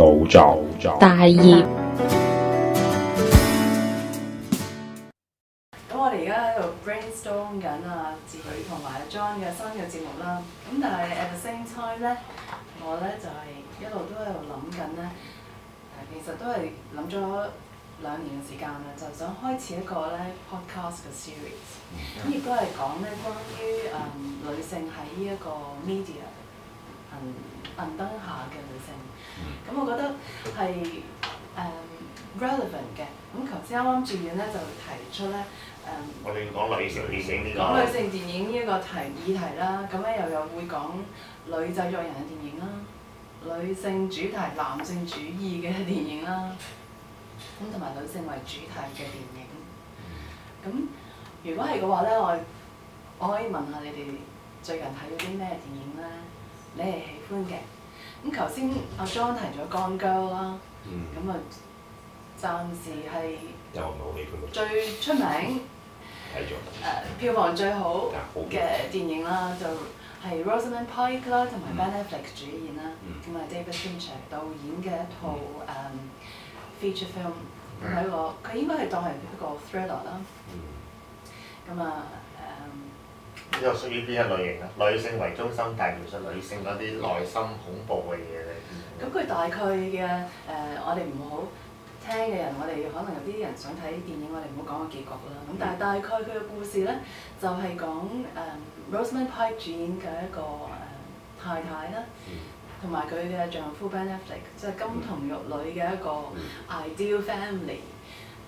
好就，就大業，大業。咁我哋而家喺度 brainstorm 緊啊，自己同埋 John 嘅新嘅節目啦。咁但係 at the same time 咧，我咧就係、是、一路都喺度諗緊咧。其實都係諗咗兩年嘅時間啦，就想開始一個咧 podcast 嘅 series。咁亦都係講咧關於嗯、呃、女性喺呢一個 media 銀、嗯、銀燈下嘅女性。咁、嗯、我覺得係誒、um, relevant 嘅。咁頭先啱啱主演咧就提出咧誒，um, 我哋要講女性電影，講女性電影呢一個題議題啦。咁、啊、咧又有會講女製作人嘅電影啦、啊，女性主題、男性主義嘅電影啦，咁同埋女性為主題嘅電影。咁如果係嘅話咧，我我可以問下你哋最近睇咗啲咩電影咧？你係喜歡嘅？咁頭先阿 John 提咗 Gone Girl 啦，咁啊暫時係又唔係好喜歡最出名，誒票房最好嘅電影啦，就係 Rosamund Pike 啦同埋 Ben Affleck 主演啦，咁啊 David Fincher 導演嘅一套誒 feature film 喺個佢應該係當係一個 thriller 啦，咁啊。呢個屬於邊一類型啊？女性為中心，但描述女性嗰啲內心恐怖嘅嘢嚟。咁佢、嗯嗯、大概嘅誒、呃，我哋唔好聽嘅人，我哋可能有啲人想睇電影，我哋唔好講個結局啦。咁、嗯、但係大概佢嘅故事咧，就係、是、講誒、呃、Rosamund Pike 主演嘅一個誒、呃、太太啦，同埋佢嘅丈夫 Ben Affleck，即係金童玉女嘅一個 ideal family。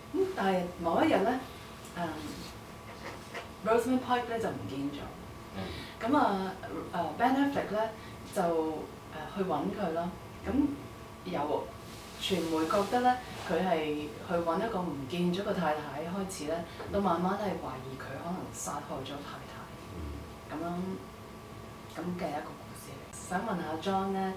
咁、嗯嗯、但係某一日咧誒。呃嗯 Rosamund Pike 咧就唔見咗，咁啊誒 Ben Affleck 咧就誒去揾佢咯，咁又傳媒覺得咧佢係去揾一個唔見咗嘅太太，太太，開始咧都慢慢都係懷疑佢可能殺害咗太太，咁樣咁嘅一個故事嚟。想問下 John 咧，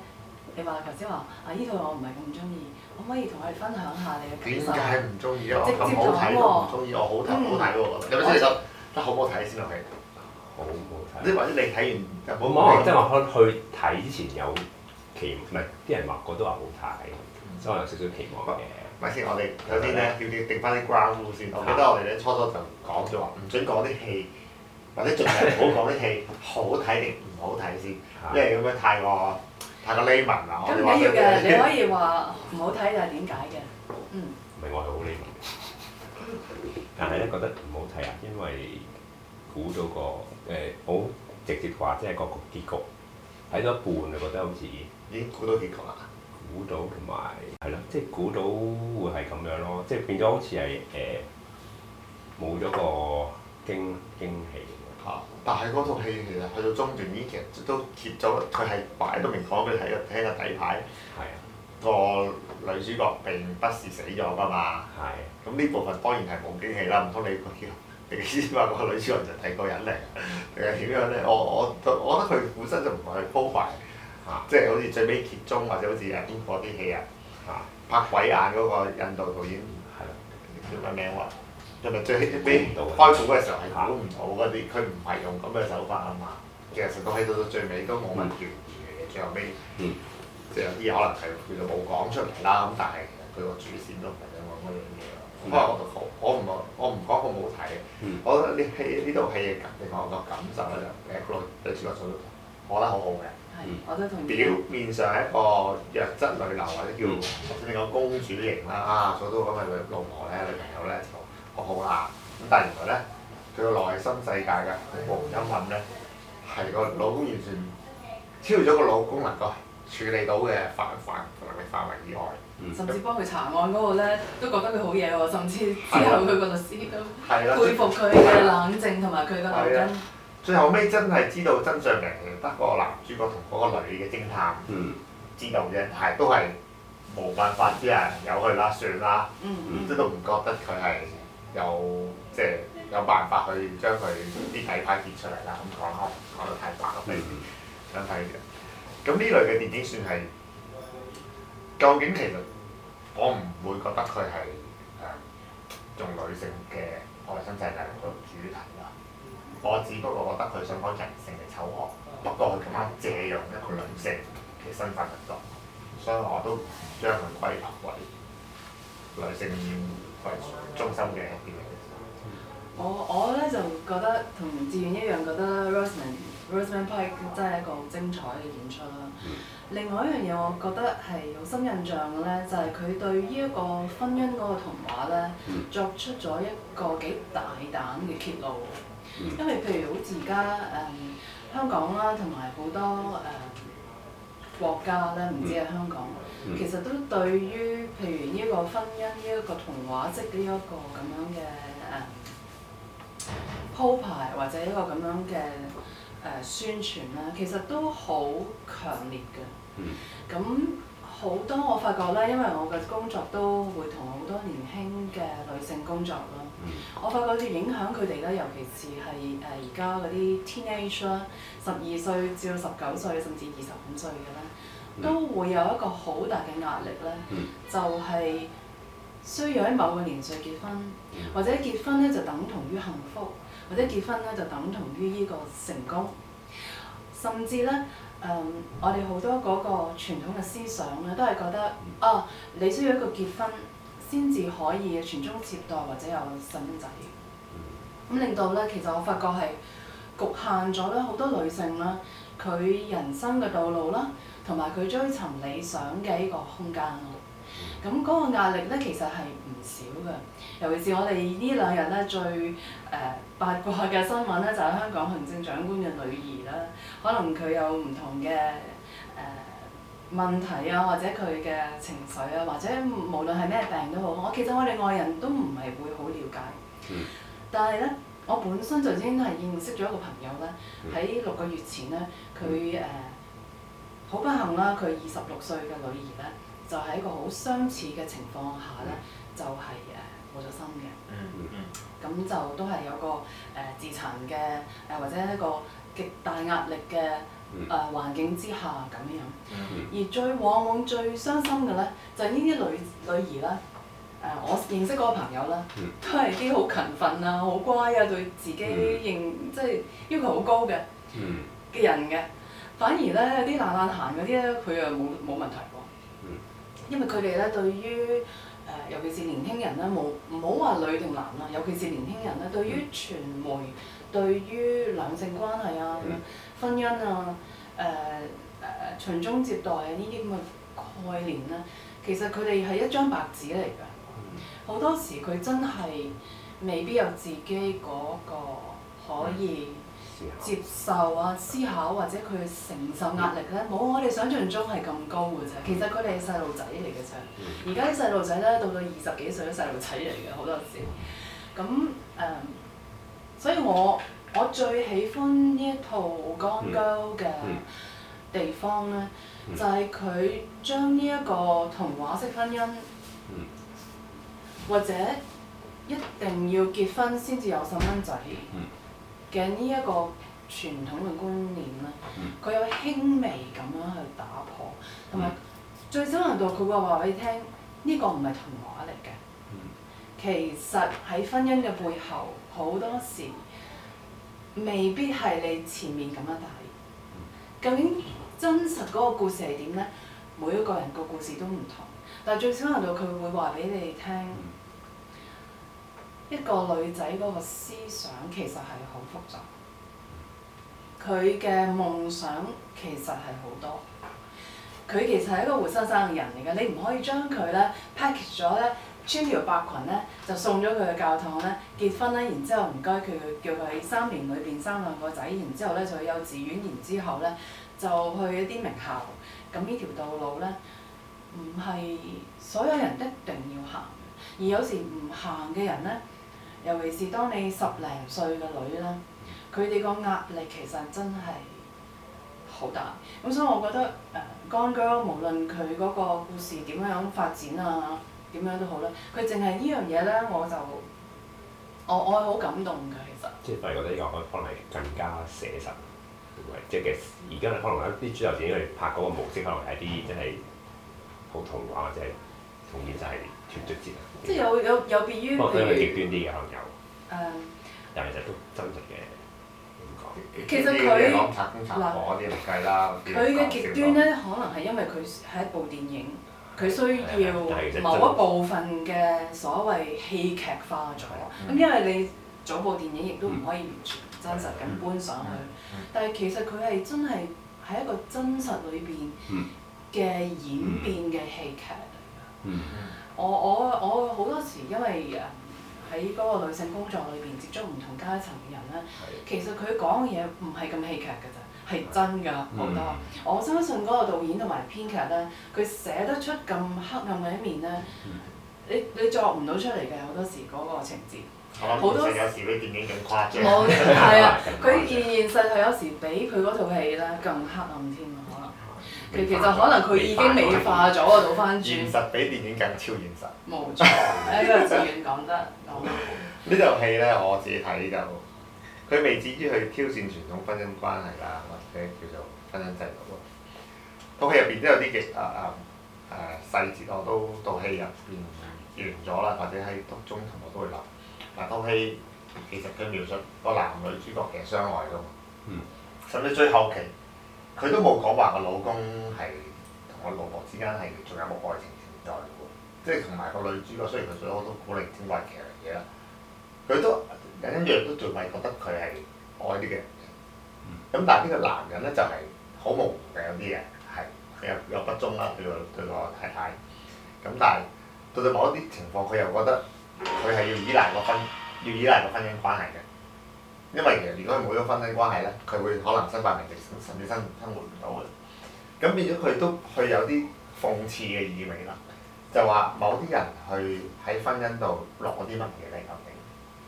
你話頭先話啊呢度我唔係咁中意，可唔可以同我哋分享下你嘅感受？點解唔中意咧？咁好睇都唔中意，嗯、我好睇、嗯、好睇看得好唔好睇先？我哋好唔好睇？即或者你睇完日本，即係我去睇之前有期，唔係啲人話過都話好睇，即係有少少期望嘅。唔咪先，我哋有啲咧要定翻啲 ground 先。我記得我哋咧初初就講咗話，唔准講啲戲，或者盡量唔好講啲戲，好睇定唔好睇先，因為咁樣太過太過 lemon 啦。咁唔緊要嘅，你可以話唔好睇又點解嘅？嗯。唔係我係好 lemon。但係咧覺得唔好睇啊，因為。估到個誒好、呃、直接話，即係個結局。睇咗一半就覺得好似已經估到結局啦。估到同埋係咯，即係估到會係咁樣咯，即係變咗好似係誒冇咗個驚驚喜。嚇！但係嗰套戲其實去到中段，已經其實都揭咗，佢係擺到明講俾你睇，睇下底牌。係是啊。個女主角並不是死咗㗎嘛？係。咁呢部分當然係冇驚喜啦，唔通你個你先話個女主人就睇個人嚟定係點樣咧？我我我覺得佢本身就唔係去鋪排嚇，啊、即係好似最尾揭盅或者好似啊邊個啲戲啊嚇，拍鬼眼嗰個印度導演係啦，叫咩名喎？因為最最尾開盤嘅時候係講唔到嗰啲，佢唔係用咁嘅手法啊嘛。其實都喺到到最尾都冇乜轉變嘅嘢，嗯、最後尾嗯，即係有啲可能係佢就冇講出嚟啦。咁但係其實佢個主線都唔係想講嗰樣嘢。因為我好，我唔我唔講好唔好睇嘅，我覺得呢戲呢套戲嘅令我個感受咧就嘅內嘅情緒塑造，我覺得好好嘅。係，我都同意。表面上係一個弱質女流或者叫你講公主型啦、啊，啊做到講係女老婆咧、女朋友咧，一個好牙咁，但係原來咧佢嘅內心世界嘅陰暗咧，係個老公完全超越咗個老公能夠處理到嘅範圍同能力範圍以外，嗯、甚至幫佢查案嗰個咧都覺得佢好嘢喎，甚至之後佢個律師都佩服佢嘅冷靜同埋佢嘅耐心。嗯、最後尾真係知道真相明嘅，得嗰個男主角同嗰個女嘅偵探、嗯、知道啫，但係都係冇辦法啲人有佢啦，算啦，即、嗯、都唔覺得佢係有即係、即係、有辦法去將佢啲底牌揭出嚟啦，咁講開講到太白啦，想睇、嗯。嗯咁呢類嘅電影算係，究竟其實我唔會覺得佢係誒用女性嘅愛心制帶嚟個主題啦，我只不過覺得佢想講人性嘅醜惡，不過佢咁樣借用一個女性嘅身份嚟講，所以我都唔將佢歸納為女性為中心嘅電影。我我咧就覺得同志遠一樣覺得 Roseman Rosman Pike 真係一個好精彩嘅演出啦！另外一樣嘢我覺得係有深印象嘅咧，就係、是、佢對依一個婚姻嗰個童話咧作出咗一個幾大膽嘅揭露。因為譬如好似而家誒香港啦，同埋好多誒、嗯、國家咧，唔知係香港，其實都對於譬如依個婚姻、呢、這、一個童話即呢一個咁樣嘅誒、嗯、鋪排，或者依個咁樣嘅。呃、宣傳咧，其實都好強烈嘅。咁好多我發覺咧，因為我嘅工作都會同好多年輕嘅女性工作咯。我發覺好似影響佢哋咧，尤其是係誒而家嗰啲 teenager，十二歲至到十九歲甚至二十五歲嘅咧，都會有一個好大嘅壓力咧。就係需要喺某個年歲結婚，或者結婚咧就等同於幸福，或者結婚咧就等同於呢個成功，甚至咧誒、嗯，我哋好多嗰個傳統嘅思想咧，都係覺得啊，你需要一個結婚先至可以傳宗接代或者有細蚊仔。咁、嗯、令到咧，其實我發覺係局限咗咧好多女性啦，佢人生嘅道路啦，同埋佢追尋理想嘅呢個空間。咁、嗯、嗰、嗰個壓力咧，其實係唔少嘅。尤其是我哋呢兩日咧最誒、呃、八卦嘅新聞咧，就係香港行政長官嘅女兒啦。可能佢有唔同嘅誒、呃、問題啊，或者佢嘅情緒啊，或者無論係咩病都好。我其實我哋外人都唔係會好了解，但係咧，我本身就已經係認識咗一個朋友咧，喺六個月前咧，佢誒好不幸啦，佢二十六歲嘅女兒咧，就喺一個好相似嘅情況下咧，就係、是。冇咗心嘅，咁就都係有個誒、呃、自殘嘅誒，或者一個極大壓力嘅誒環境之下咁樣，而最往往最傷心嘅咧，就呢、係、啲女女兒咧，誒、呃、我認識嗰個朋友咧，都係啲好勤奮啊、好乖啊，對自己認、嗯、即係要求好高嘅嘅、嗯、人嘅。反而咧啲懶懶閒嗰啲咧，佢又冇冇問題喎。因為佢哋咧對於尤其是年輕人咧，冇唔好話女定男啦，尤其是年輕人咧，對於傳媒、嗯、對於兩性關係啊、嗯、婚姻啊、誒誒誒、傳宗接代啊呢啲咁嘅概念咧，其實佢哋係一張白紙嚟㗎。好多時佢真係未必有自己嗰個可以。接受啊，思考或者佢承受壓力咧，冇我哋想象中係咁高嘅啫。其實佢哋係細路仔嚟嘅啫。而家啲細路仔咧，到到二十幾歲都細路仔嚟嘅好多時。咁誒、嗯，所以我我最喜歡呢一套 Gone Girl 嘅地方咧，嗯嗯、就係佢將呢一個童話式婚姻，嗯、或者一定要結婚先至有細蚊仔。嗯嗯嘅呢一個傳統嘅觀念咧，佢有輕微咁樣去打破，同埋最少限度佢會話俾你聽，呢個唔係童話嚟嘅。其實喺婚姻嘅背後，好多時未必係你前面咁樣睇。究竟真實嗰個故事係點呢？每一個人個故事都唔同，但最少限度佢會話俾你聽。一個女仔嗰個思想其實係好複雜，佢嘅夢想其實係好多，佢其實係一個活生生嘅人嚟嘅。你唔可以將佢咧 package 咗咧，穿條白裙咧就送咗佢去教堂咧結婚咧，然之後唔該佢去叫佢喺三年裏邊生兩個仔，然之後咧就去幼稚園，然之後咧就去一啲名校，咁呢條道路咧唔係所有人一定要行，而有時唔行嘅人咧。尤其是當你十零歲嘅女啦，佢哋個壓力其實真係好大，咁所以我覺得誒《Gone Girl》無論佢嗰個故事點樣樣發展啊，點樣都好啦，佢淨係呢樣嘢咧，我就我我係好感動嘅，其實。即係反而覺得呢個可能係更加寫實，同埋即係而家可能一啲主流電影嚟拍嗰個模式，可能係啲真係好童話，即係完全就係脱節。嗯即係有有有別於，佢係極端啲嘅好友。誒，但係、嗯、其實都真實嘅，點講？其實佢嗱，啲唔計啦。佢嘅極端咧，可能係因為佢係一部電影，佢需要某一部分嘅所謂戲劇化咗。咁、嗯、因為你做部電影，亦都唔可以完全真實咁搬上去。嗯嗯嗯嗯、但係其實佢係真係喺一個真實裏邊嘅演變嘅戲劇嚟嘅、嗯。嗯。嗯嗯嗯嗯我我我好多時因為誒喺嗰個女性工作裏邊接觸唔同階層嘅人咧，的其實佢講嘅嘢唔係咁戲劇㗎咋，係真㗎好多。嗯、我相信嗰個導演同埋編劇咧，佢寫得出咁黑暗嘅一面咧、嗯，你你作唔到出嚟嘅，好多時嗰個情節。好多時有時啲電影咁誇張，冇係啊！佢現實係有時比佢嗰套戲咧更黑暗添。其其實可能佢已經美化咗啊，倒返轉。現實比電影更超現實。冇錯，呢個志遠講得。呢套戲咧，我自己睇就，佢未至於去挑戰傳統婚姻關係啦，或者叫做婚姻制度。套戲入邊都有啲極啊啊誒細節，我都到戲入邊完咗啦，或者喺中中途我都會諗。嗱，套戲其實佢描述個男女主角嘅相愛噶嘛。嗯。甚至最後期。佢都冇講話個老公係同個老婆之間係仲有冇愛情存在喎，即係同埋個女主角雖然佢所有都古靈精怪嘅嘢啦，佢都隱隱約都仲係覺得佢係愛啲嘅人，咁但係呢個男人咧就係好無恥嘅，有啲嘢係又又不忠啦，對個對個太太，咁但係到到某一啲情況佢又覺得佢係要依賴個婚要依賴個婚姻關係嘅。因為其實如果冇咗婚姻關係咧，佢會可能失敗，甚至生生活唔到嘅。咁變咗佢都佢有啲諷刺嘅意味啦，就話某啲人去喺婚姻度攞啲乜嘢咧？究竟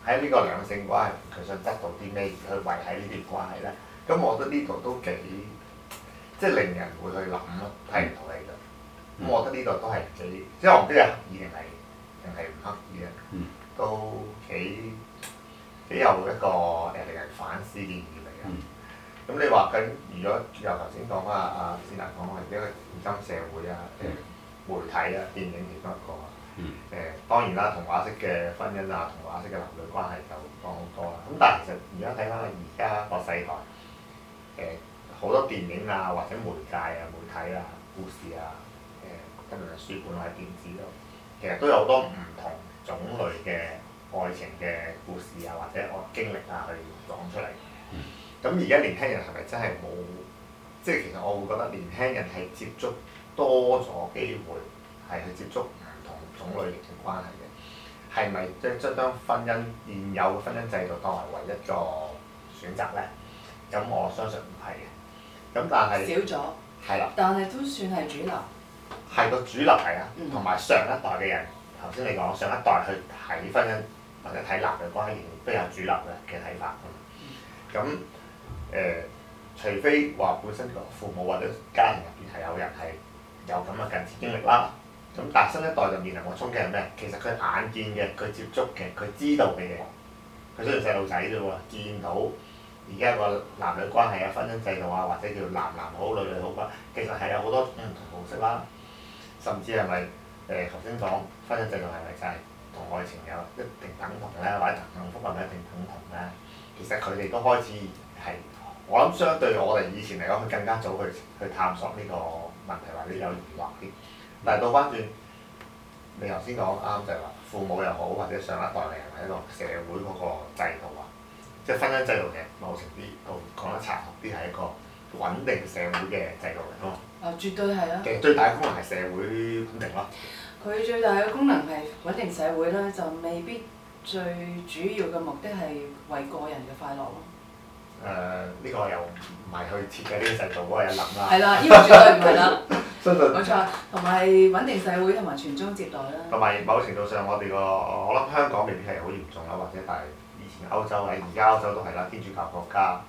喺呢個兩性關係，佢想執到啲咩而去維繫呢段關係咧？咁我覺得呢度都幾即係令人會去諗咯，睇唔到嚟嘅。咁、嗯、我覺得呢度都係幾，嗯、即係我唔知係刻意定係定係唔刻意咧。嗯嗯、都幾～啲又一個誒令人反思嘅嘢嚟啊！咁你話緊，如果由頭先講翻啊啊，只能講係一個現今社會啊誒媒體啊，電影只不過誒當然啦，童話式嘅婚姻啊，童話式嘅男女關係就講好多啦。咁但係其實而家睇翻，而家個世代誒好多電影啊，或者媒介啊、媒體啊、故事啊誒，跟住書本或者電子咯，其實都有好多唔同種類嘅。愛情嘅故事啊，或者我經歷啊，去講出嚟。咁而家年輕人係咪真係冇？即係其實我會覺得年輕人係接觸多咗機會，係去接觸唔同種類型嘅關係嘅。係咪即即將婚姻現有嘅婚姻制度當為唯一個選擇咧？咁我相信唔係嘅。咁但係少咗了。係啦的。但係都算係主流。係個主流係啊，同埋上一代嘅人，頭先你講上一代去睇婚姻。或者睇男女關係都有主流嘅嘅睇法咁，咁、呃、除非話本身個父母或者家人入邊係有人係有咁嘅近似經歷啦，咁、嗯、但係新一代就面臨嘅衝擊係咩？其實佢眼見嘅、佢接觸嘅、佢知道嘅嘢，佢雖然細路仔啫喎，見到而家個男女關係啊、婚姻制度啊，或者叫男男好、女女好，其實係有好多種唔同模式啦，甚至係咪誒頭先講婚姻制度係咪就係？是同愛情有一定等同咧，或者同幸福係咪一定等同咧？其實佢哋都開始係，我諗相對我哋以前嚟講，佢更加早去去探索呢個問題，或者有疑惑啲。但係倒翻轉，你頭先講啱就係話，父母又好，或者上一代嚟，或者個社會嗰個制度啊，即係婚姻制度嘅某程度講得殘酷啲，係一個穩定社會嘅制度嚟嘅。哦。啊！絕對係啊。其實最大嘅功能係社會穩定咯。佢最大嘅功能係穩定社會啦，就未必最主要嘅目的係為個人嘅快樂咯。誒、呃，呢、這個又唔係去設計呢個制度嗰個人諗啦。係啦，呢、這個絕對唔係啦。冇錯 的，同埋穩定社會同埋傳宗接代啦。同埋某程度上，我哋個我諗香港未必係好嚴重啦，或者但係以前歐洲係，而家歐洲都係啦，天主教國家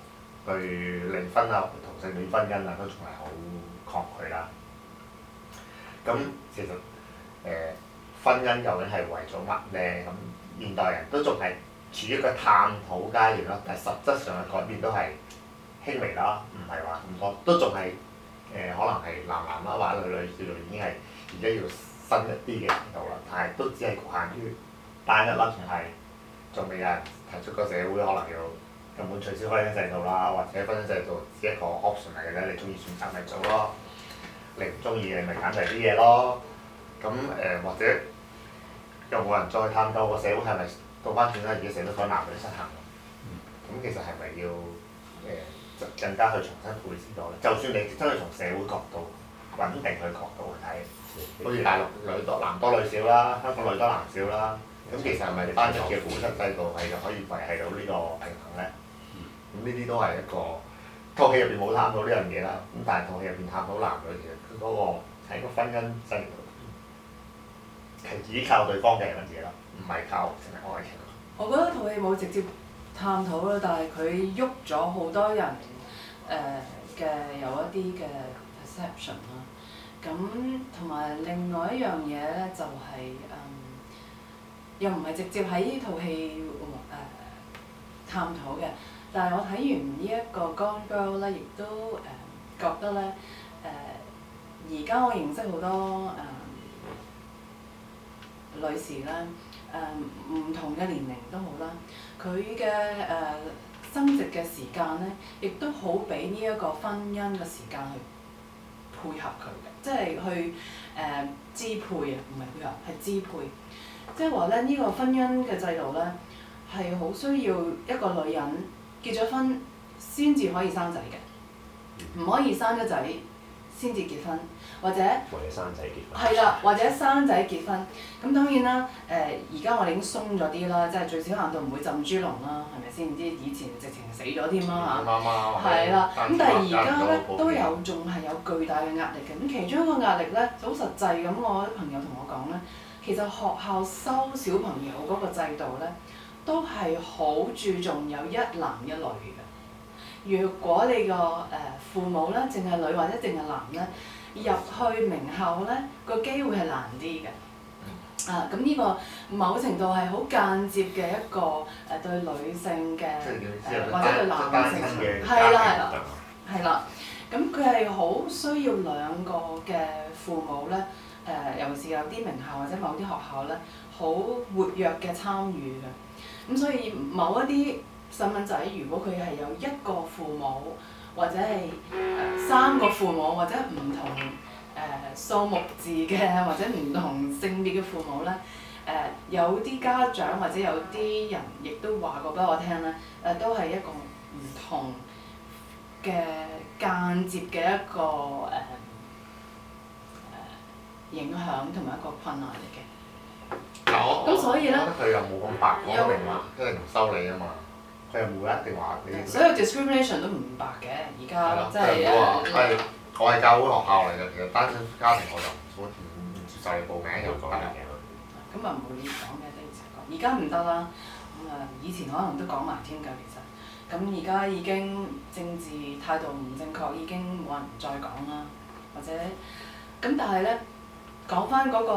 對離婚啊、同性戀婚姻啊，都仲係好抗拒啦。咁其實～誒、呃、婚姻究竟係為咗乜咧？咁、呃、現代人都仲係處於一個探討階段咯，但係實質上嘅改變都係輕微啦，唔係話咁多，都仲係誒可能係男男啦，或者女女叫做已經係而家要新一啲嘅制度啦，但係都只係局限於，單一粒嘅係，仲未有人提出個社會可能要根本取消婚姻制度啦，或者婚姻制度只一個 option 嚟嘅咧，你中意選擇咪做咯，你唔中意嘅咪揀第二啲嘢咯。咁誒、呃，或者又冇人再探究個社會係咪倒翻轉啦？而家成日都講男女失衡，咁、嗯、其實係咪要誒更、呃、更加去重新配置咗咧？就算你真係從社會角度穩定去角度去睇，好似、嗯、大陸女多男多女少啦，香港女多男少啦，咁、嗯、其實係咪啲單嘅本身制度係可以維係到呢個平衡咧？咁呢啲都係一個套戲入邊冇探到呢樣嘢啦。咁但係套戲入邊探到男女嘅嘢，嗰個喺個婚姻生活。係倚靠對方嘅咁樣嘢咯，唔係靠淨係愛情。我覺得套戲冇直接探討啦，但係佢喐咗好多人誒嘅、呃、有一啲嘅 perception 啊。咁同埋另外一樣嘢咧，就係嗯，又唔係直接喺呢套戲誒探討嘅。但係我睇完呢一個 Gone Girl 咧，亦都誒覺得咧誒，而家我認識好多誒，呃女士啦，誒、呃、唔同嘅年齡都好啦，佢嘅誒生殖嘅時間咧，亦都好俾呢一個婚姻嘅時間去配合佢嘅，即係去誒、呃、支配啊，唔係配合，係支配。即係話咧，呢、呢個婚姻嘅制度咧，係好需要一個女人結咗婚先至可以生仔嘅，唔可以生咗仔，先至結婚，或者或者生仔結婚，係啦，或者生仔結婚。咁當然啦，誒而家我哋已經鬆咗啲啦，即係最少限度唔會浸豬籠啦，係咪先？唔知以前直情死咗添啦嚇。啱係啦，咁但係而家咧都有仲係有巨大嘅壓力嘅。咁其中一個壓力咧，好實際咁，我啲朋友同我講咧，其實學校收小朋友嗰個制度咧，都係好注重有一男一女。若果你個誒父母咧，淨係女或者淨係男咧，入去名校咧，個機會係難啲嘅。嗯、啊，咁呢個某程度係好間接嘅一個誒對女性嘅，嗯、或者對男性嘅，係啦係啦，係啦。咁佢係好需要兩個嘅父母咧，誒、呃，尤其是有啲名校或者某啲學校咧，好活躍嘅參與嘅。咁所以某一啲細蚊仔，如果佢係有一個父母，或者係誒、呃、三個父母，或者唔同誒數、呃、目字嘅，或者唔同性別嘅父母咧，誒、呃、有啲家長或者有啲人亦都話過俾我聽咧，誒、呃、都係一個唔同嘅間接嘅一個誒誒、呃呃、影響同埋一個困難嚟嘅。咁、哦、所以咧，佢又冇咁白講明話，因為唔收你啊嘛。佢又唔會一定話佢，所有、okay. So discrimination 都唔白嘅，而家、嗯、即係是誒。話，係我係教會學校嚟嘅，其實單身家庭我就唔左唔唔接受你報名又講嘅。咁啊冇講嘅，都要講。而家唔得啦，咁啊以前可能都講埋添㗎，其實。咁而家已經政治態度唔正確，已經冇人再講啦，或者咁，但係咧講翻嗰個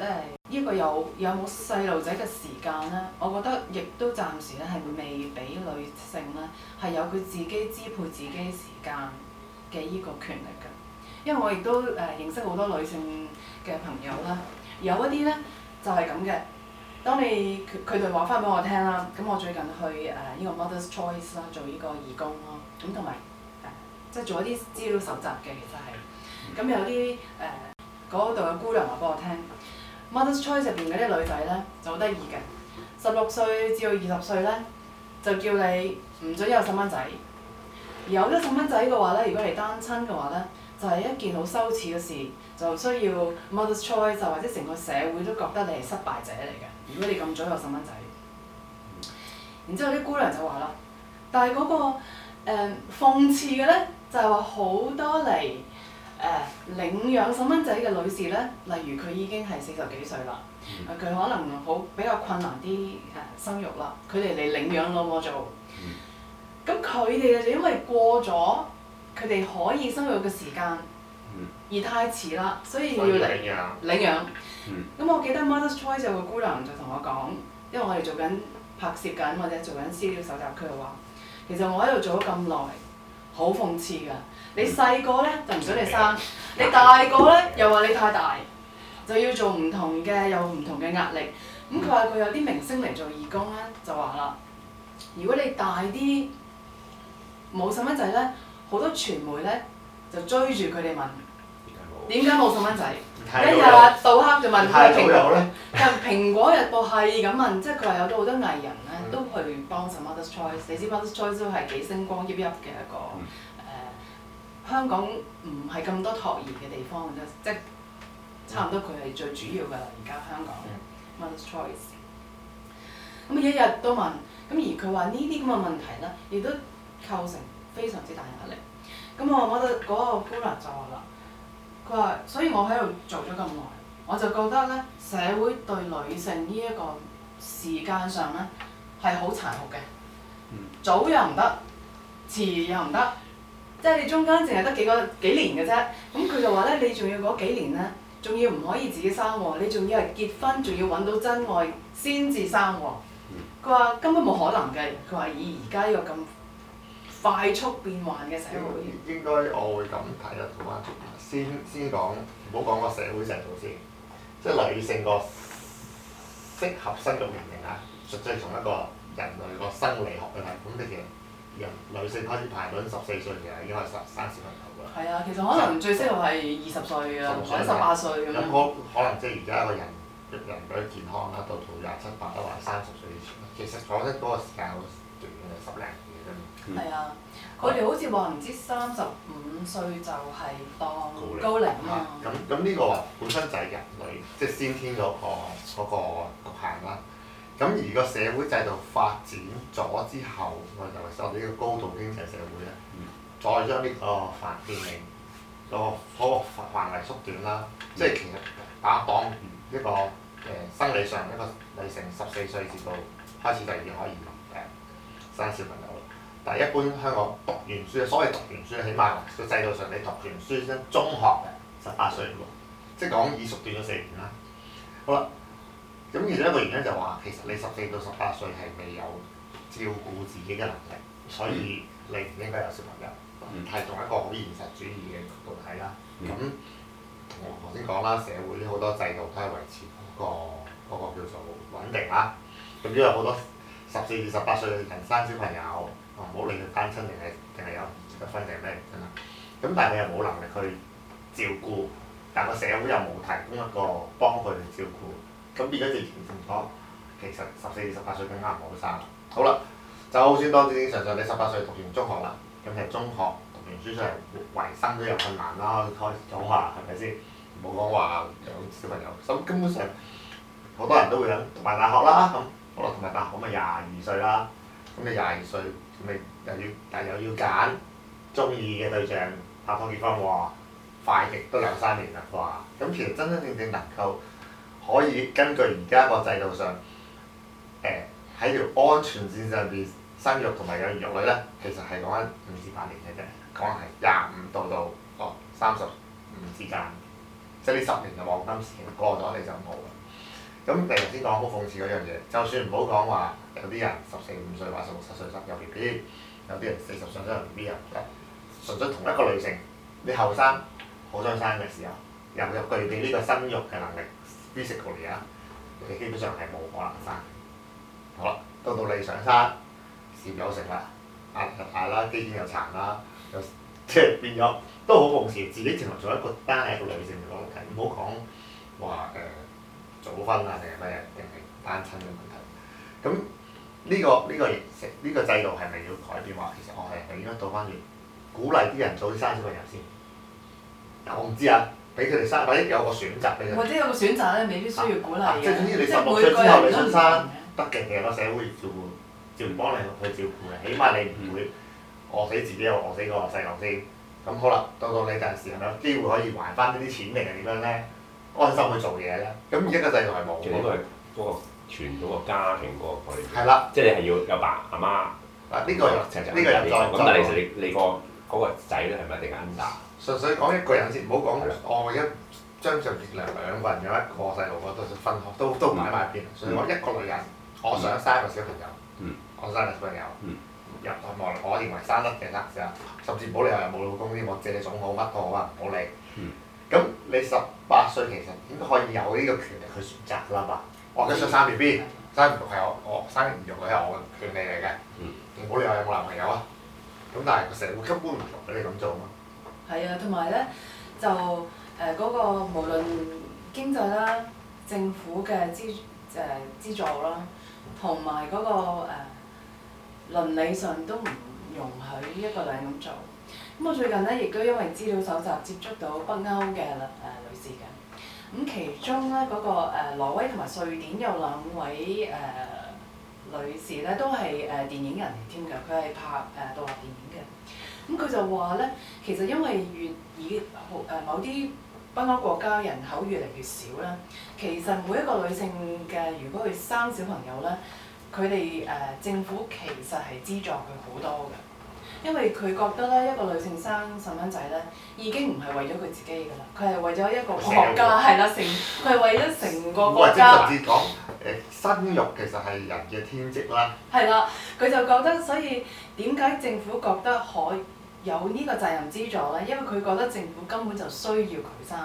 誒。即呢個有有冇細路仔嘅時間咧？我覺得亦都暫時咧係未俾女性咧係有佢自己支配自己時間嘅呢個權力噶。因為我亦都誒、呃、認識好多女性嘅朋友啦，有一啲咧就係咁嘅。當你，佢哋話翻俾我聽啦，咁我最近去誒呢、呃這個 Mother’s Choice 啦做呢個義工咯，咁同埋誒即係做一啲資料搜集嘅，其實係、就、咁、是、有啲誒嗰度嘅姑娘話俾我聽。Mother's Choice 入邊嗰啲女仔咧就好得意嘅，十六歲至到二十歲咧就叫你唔準有細蚊仔，而有咗細蚊仔嘅話咧，如果你單親嘅話咧，就係、是、一件好羞恥嘅事，就需要 Mother's Choice 就或者成個社會都覺得你係失敗者嚟嘅，如果你咁早有細蚊仔。然之後啲姑娘就話啦，但係嗰、那個誒諷、呃、刺嘅咧就話、是、好多嚟。誒領養細蚊仔嘅女士咧，例如佢已經係四十幾歲啦，佢、嗯、可能好比較困難啲誒、啊、生育啦，佢哋嚟領養攞我做，咁佢哋嘅就因為過咗佢哋可以生育嘅時間，嗯、而太遲啦，所以要嚟領養、領養。咁、嗯、我記得 Mother Choice 有個姑娘就同我講，因為我哋做緊拍攝緊或者做緊資料搜集，佢就話：其實我喺度做咗咁耐，好諷刺㗎。你細個咧就唔準你生，你大個咧又話你太大，就要做唔同嘅有唔同嘅壓力。咁佢話佢有啲明星嚟做義工咧，就話啦：如果你大啲冇細蚊仔咧，好多傳媒咧就追住佢哋問點解冇細蚊仔，一日到黑就問佢係得蘋果，係蘋果日報係咁問，即係佢話有好多藝人咧、嗯、都去幫襯 Mother's Choice，你知 Mother's Choice 都係幾星光熠熠嘅一個。嗯香港唔係咁多托兒嘅地方啫，即差唔多佢係最主要嘅而家香港。Yeah. Mother's Choice，咁啊一日都問，咁而佢話呢啲咁嘅問題咧，亦都構成非常之大壓力。咁我覺得嗰個姑娘就話啦，佢話：所以我喺度做咗咁耐，我就覺得咧社會對女性呢一個時間上咧係好殘酷嘅，早又唔得，遲又唔得。即係你中間淨係得幾個幾年嘅啫，咁、嗯、佢就話咧，你仲要嗰幾年咧，仲要唔可以自己生喎，你仲要係結婚，仲要搵到真愛先至生喎。佢話、嗯、根本冇可能嘅，佢話以而家呢個咁快速變幻嘅社會、嗯，應該我會咁睇得到啊。先先講唔好講個社會制度先，即係女性個適合生嘅年齡啊，實際從一個人類個生理學嘅嚟講，的嘅，女性開始排卵十四歲嘅已經係十三十歲左右噶啦。係啊，其實可能最適合係二十歲啊，或者十八歲咁樣。咁可能即係而家一個人人類健康啦，到到廿七八都話三十歲以前，其實講得嗰個時間好短十零年嘅啫嘛。係啊，佢哋、嗯、好似話唔知三十五歲就係當高齡嶺啊。咁咁呢個話本身就係人類即係先天嗰、嗰個嗰、嗰個、嗰個限啦。咁而個社會制度發展咗之後，就是、我就係受哋呢個高度經濟社會咧，再將呢個發展嘅個嗰、這個範範圍縮短啦。即係其實打當一個誒、呃、生理上一個歷程，十四歲至到開始就已經可以誒生小朋友啦。但係一般香港讀完書，所謂讀完書，起碼個制度上你讀完書先中學十八歲喎，歲即係講已縮短咗四年啦。好啦。咁其實一個原因就話，其實你十四到十八歲係未有照顧自己嘅能力，所以你唔應該有小朋友，唔係從一個好現實主義嘅角度睇啦。咁、嗯、我頭先講啦，社會好多制度都係維持嗰、嗰個嗰個叫做穩定啦。咁因為好多十四至十八歲嘅人生小朋友，唔、啊、好理佢單親定係定係有結得婚定係咩先啦。咁但係你又冇能力去照顧，但個社會又冇提供一個幫佢哋照顧。咁變咗就延遲其實十四至十八歲更加唔好生。好啦，就算當正正常常，你十八歲讀完中學啦，咁其實中學讀完書上後維生都有困難啦，開始講話係咪先？唔好講話有小朋友，咁根本上好多人都會諗讀埋大學啦。咁好啦，同埋大學咪廿二歲啦。咁你廿二歲，你又要但又要揀中意嘅對象拍拖結婚喎？快極都兩三年啦，哇！咁其實真真正正能夠～可以根據而家個制度上，誒喺條安全線上邊生育同埋養育女咧，其實係講緊五至八年嘅啫，講係廿五度到，到哦三十五之間，9，即係呢十年嘅黃金時期過咗你就冇啦。咁你頭先講好諷刺嗰樣嘢，就算唔好講話有啲人十四五歲話十六七歲生有 BB，有啲人四十歲生 BB 又唔得，純粹同一個女性，你後生好想生嘅時候，又有具備呢個生育嘅能力。physically 嚟啊，你基本上係冇可能生。好啦，到到你上山，事業有成啦，壓力又大啦，基建又殘啦，又即係變咗，都好奉承自己，只能做一個單一個女性嘅講問題。唔好講話誒早婚啊定係乜嘢定係單親嘅問題。咁呢個呢個形式呢個制度係咪要改變？話其實我係係應該倒翻轉鼓勵啲人早啲生小朋友先。我唔知啊。俾佢哋生，生或者有個選擇俾佢。或者有個選擇咧，未必需要管即你嘅。即係每個人都唔同嘅。生得嘅，係個社會照顧，照顧幫你去照顧嘅，起碼你唔會餓死自己又、嗯、餓死個細路先。咁好啦，到到你嗰陣時係咪有機會可以還翻呢啲錢嚟？係點樣咧？安心去做嘢咧。咁而家個制度係冇。即係應該係個傳統個家庭嗰個概念係啦。即、這、係、個這個、你係要阿爸阿媽。啊，呢個呢個呢再咁其實你你個嗰仔咧係咪定 u 純粹講一個人先，唔好講我一張上月糧兩個人有一個細路，我都分開都都擺埋邊。純粹講一個女人，我想生一個小朋友，我生個小朋友我認為生得正得甚至唔好你話又冇老公添，我借你種好乜都好啊，唔好理。咁你十八歲其實應該可以有呢個權利去選擇啦嘛。我想生 B B，生唔到係我我生唔育係我嘅權利嚟嘅，唔好理話有冇男朋友啊？咁但係社會根本唔容許你咁做。係啊，同埋咧就誒嗰、呃那個無論經濟啦、政府嘅資誒資助啦，同埋嗰個誒倫、呃、理上都唔容許一個女咁做。咁我最近咧亦都因為資料搜集，接觸到北歐嘅誒女士嘅。咁其中咧嗰、那個、呃、挪威同埋瑞典有兩位誒、呃、女士咧，都係誒、呃、電影人嚟添嘅，佢係拍誒獨立電影。咁佢、嗯、就話咧，其實因為越以好、呃、某啲北歐國家人口越嚟越少啦，其實每一個女性嘅如果佢生小朋友咧，佢哋誒政府其實係資助佢好多嘅，因為佢覺得咧一個女性生細蚊仔咧，已經唔係為咗佢自己噶啦，佢係為咗一個國家，係啦，成佢係為咗成個國家。直接講誒，生育其實係人嘅天職啦。係啦，佢就覺得所以點解政府覺得可有呢個責任資助咧，因為佢覺得政府根本就需要佢生，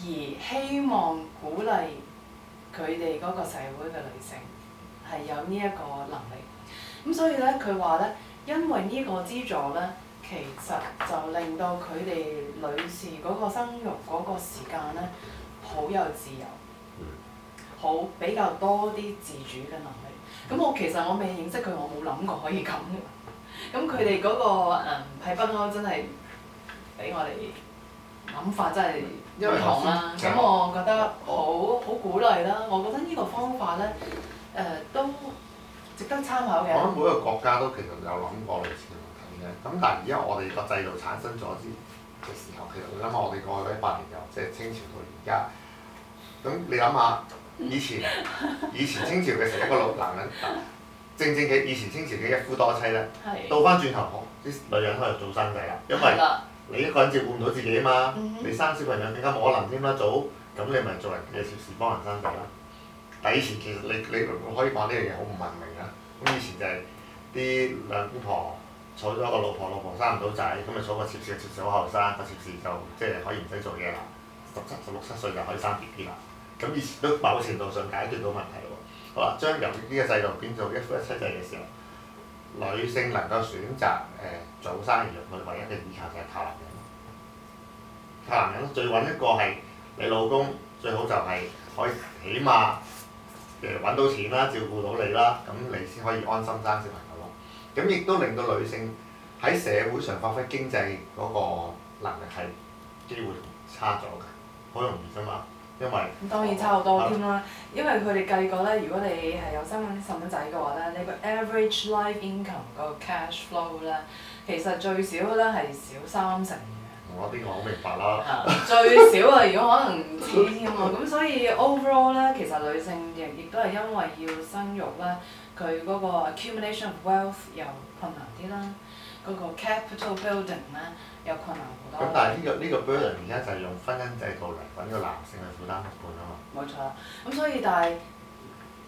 而希望鼓勵佢哋嗰個社會嘅女性係有呢一個能力。咁所以咧，佢話咧，因為呢個資助咧，其實就令到佢哋女士嗰個生育嗰個時間咧，好有自由，好比較多啲自主嘅能力。咁我其實我未認識佢，我冇諗過可以咁。咁佢哋嗰個誒喺北歐真係俾我哋諗法真係唔同啦，咁才、啊、我覺得好好、嗯、鼓勵啦、啊。我覺得呢個方法咧誒、呃、都值得參考嘅。我諗、嗯、每一個國家都其實有諗過類似嘅問題嘅，咁但係而家我哋個制度產生咗啲嘅時候，其實你諗下我哋過去一八年由即係清朝到而家，咁你諗下以前 以前清朝嘅成一個老男人。 正正嘅以前清朝嘅一夫多妻咧，倒翻轉頭，啲女人開度做生仔啦，因為你一個人照顧唔到自己啊嘛，嗯、哼你生小朋友更加冇可能添啦，早？咁你咪做人嘅妾侍幫人生仔啦。但以前其實你你可以話呢樣嘢好唔文明啊，咁以前就係啲兩公婆娶咗個老婆，老婆生唔到仔，咁咪娶個妾侍，妾侍好後生，個妾侍就即係可以唔使做嘢啦，十七、十六七歲就可以生 B B 啦，咁以前都某程度上解決到問題。好啦，將由於呢個制度變做一夫一妻制嘅時候，女性能夠選擇誒早、呃、生育，佢唯一嘅依靠就係靠男人，靠男人最揾一個係你老公，最好就係可以起碼誒揾到錢啦，照顧到你啦，咁你先可以安心生小朋友咯。咁亦都令到女性喺社會上發揮經濟嗰個能力係機會差咗㗎，好容易㗎嘛～因為咁 當然差好多添啦， 因為佢哋計過咧，如果你係有生細蚊仔嘅話咧，你個 average life income 個 cash flow 咧，其實最少咧係少三成我邊 、啊、個好明白啦？ 最少啊，如果可能唔止添喎，咁所以 overall 咧，其實女性亦亦都係因為要生育啦。佢嗰個 accumulation of wealth 又困難啲啦，嗰個 capital building 啦。有困難好多咁，但係、呢、呢個呢、呢個 burden 而、er、家就係用婚姻制度嚟揾個男性去負擔一半啊嘛。冇錯啦，咁所以但係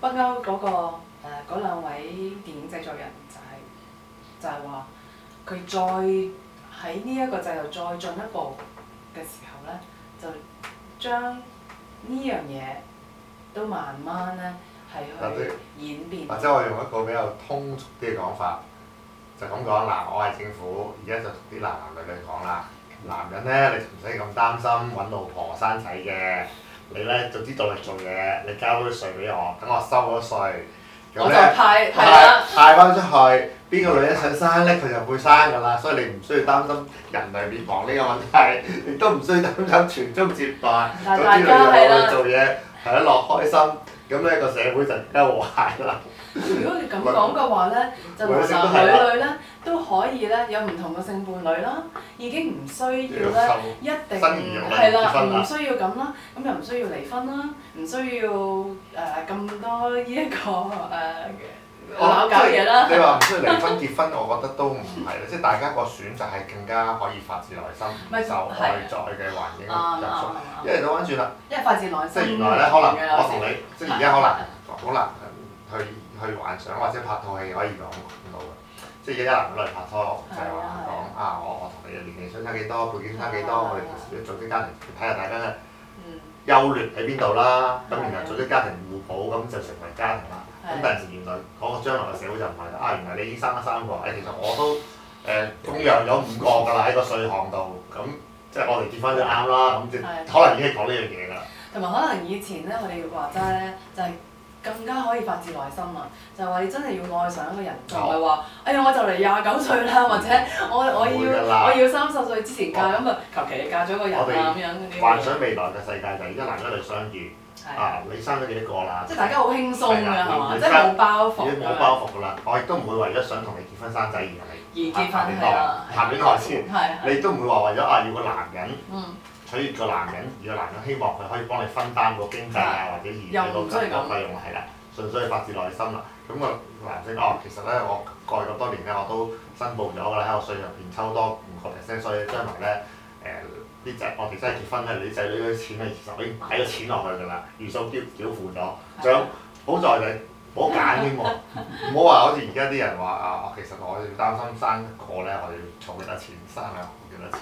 北歐嗰個誒嗰、呃、兩位電影製作人就係、是、就係話佢再喺呢一個制度再進一步嘅時候咧，就將呢樣嘢都慢慢咧係去演變或，或者我用一個比較通俗啲嘅講法。就咁講嗱，我係政府，而家就同啲男男女女講啦。男人呢，你唔使咁擔心揾老婆生仔嘅，你呢，早知努力做嘢，你交咗啲稅俾我，等我收咗稅，咁咧派翻派出去，邊個女人想生呢？佢就會生噶啦。所以你唔需要擔心人類滅亡呢個問題，亦都唔需要擔心傳宗接代。大家係啦。做嘢享的樂開心，咁呢個社會就更加和諧啦。如果你咁講嘅話咧，就男男女女咧都可以咧有唔同嘅性伴侶啦，已經唔需要咧一定係啦，唔需要咁啦，咁又唔需要離婚啦，唔需要誒咁多呢一個誒鬧架嘢啦。你話唔需要離婚，結婚，我覺得都唔係，即係大家個選擇係更加可以發自內心，唔係受外在嘅環境，一嚟到翻轉啦。一嚟發自內心。即係原來咧，可能我同你，即係而家可能好難。去去幻想或者拍套戲可以講到嘅，即係一男一女拍拖就係話講啊，我我同你嘅年齡相差幾多，背景差幾多，的我哋同時組織家庭，睇下大家嘅優、嗯、劣喺邊度啦。咁的然後組織家庭互補，咁就成為家庭啦。咁的但係原、那個、來嗰個將來嘅社會就唔係啊，原來你已經生咗三個、欸，其實我都誒供養咗五個㗎啦喺個稅項度。咁即係我哋結婚就啱啦。咁就可能已經講呢樣嘢啦。同埋可能以前咧，我哋話齋咧就係。更加可以發自內心啊！就係話你真係要愛上一個人，就係話哎呀我就嚟廿九歲啦，或者我我要我要三十歲之前嫁咁啊，求其嫁咗一個人咁樣幻想未來嘅世界就而家一男一女相遇啊！你生咗幾個啦？即係大家好輕鬆嘅係嘛？即係冇包袱嘅。冇包袱㗎啦！我亦都唔會為咗想同你結婚生仔而嚟。結婚係啊，行邊台先？係係。你都唔會話為咗啊要個男人。嗯。取個男人，而個男人希望佢可以幫你分擔個經濟啊，或者二嘅多咁嘅費用係啦，純粹係發自內心啦。咁個男性哦，其實咧，我過去咁多年咧，我都申報咗㗎啦，喺我稅入邊抽多五個 percent 所以將來咧誒啲仔，我哋真係結婚咧，你仔女啲錢咧，其實已經擺咗錢落去㗎啦，預收繳繳付咗，仲有的好你 在就好揀添喎，唔好話好似而家啲人話啊，其實我哋要擔心生一個咧，我哋儲幾多錢，生兩個幾多錢。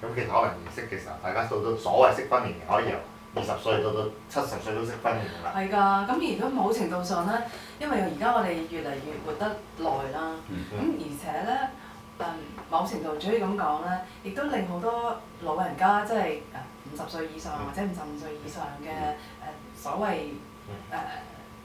咁其實可能認識，嘅時候，大家到到所謂適婚年齡，可以由二十歲到到七十歲都適婚年齡噶啦。係噶，咁而果某程度上咧，因為而家我哋越嚟越活得耐啦。咁、嗯嗯、而且咧，誒某程度，主要咁講咧，亦都令好多老人家，即係誒五十歲以上或者五十五歲以上嘅誒、嗯嗯、所謂誒、呃、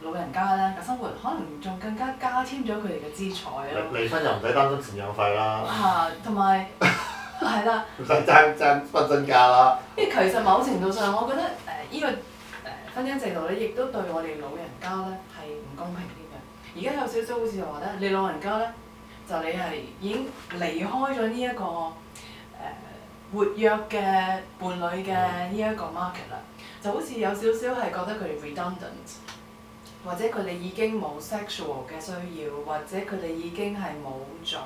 老人家咧嘅生活，可能仲更加加添咗佢哋嘅資產咯。離婚又唔使擔心贍養費啦。啊，同埋。 係啦，唔使爭爭分身價啦。即係其實某程度上，我覺得誒呢個誒婚姻制度咧，亦都對我哋老人家咧係唔公平啲嘅。而家有少少好似話咧，你老人家咧，就你係已經離開咗呢一個誒活躍嘅伴侶嘅呢一個 market 啦，嗯、就好似有少少係覺得佢哋 redundant，或者佢哋已經冇 sexual 嘅需要，或者佢哋已經係冇咗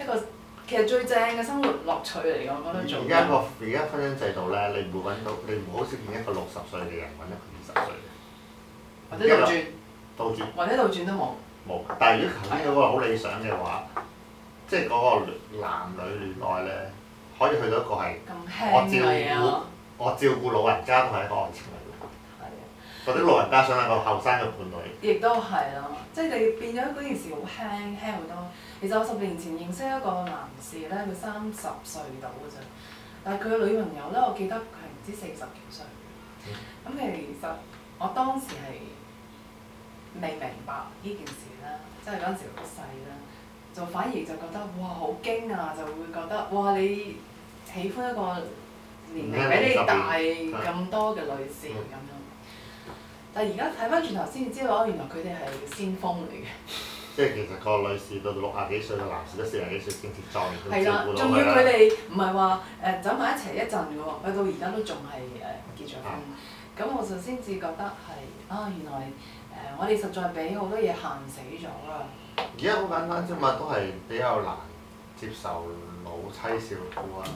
一個。其實最正嘅生活樂趣嚟，嘅。我覺得而而家個而家婚姻制度咧，你唔會揾到，你唔好少見一個六十歲嘅人揾一個五十歲。或者倒轉。或者倒轉都冇。冇，但係如果頭先嗰個好理想嘅話，即係嗰個男女戀愛咧，可以去到一個係我照顧我照顧老人家都係一個愛情嚟嘅。係啊。或者老人家想有個後生嘅伴侶。亦都係咯，即係你變咗嗰件事好輕輕好多。其實我十年前認識一個男。事咧，佢三十歲到嘅咋，但係佢嘅女朋友咧，我記得佢係唔知四十幾歲。咁其實我當時係未明白呢件事啦，即係嗰陣時好細啦，就反而就覺得哇好驚啊，就會覺得哇你喜歡一個年齡比你大咁多嘅女士咁樣。嗯、但係而家睇翻轉頭先至，知道原來佢哋係先鋒嚟嘅。即係其實個女士到到六啊幾歲，個男士都四啊幾歲先結狀係啦。仲要佢哋唔係話誒走埋一齊一陣喎，到而家都仲係誒結咗婚。咁、嗯、我就先至覺得係啊，原來誒、呃、我哋實在俾好多嘢限死咗啦。而家好簡單啫嘛，都係比較難接受老妻少夫啊。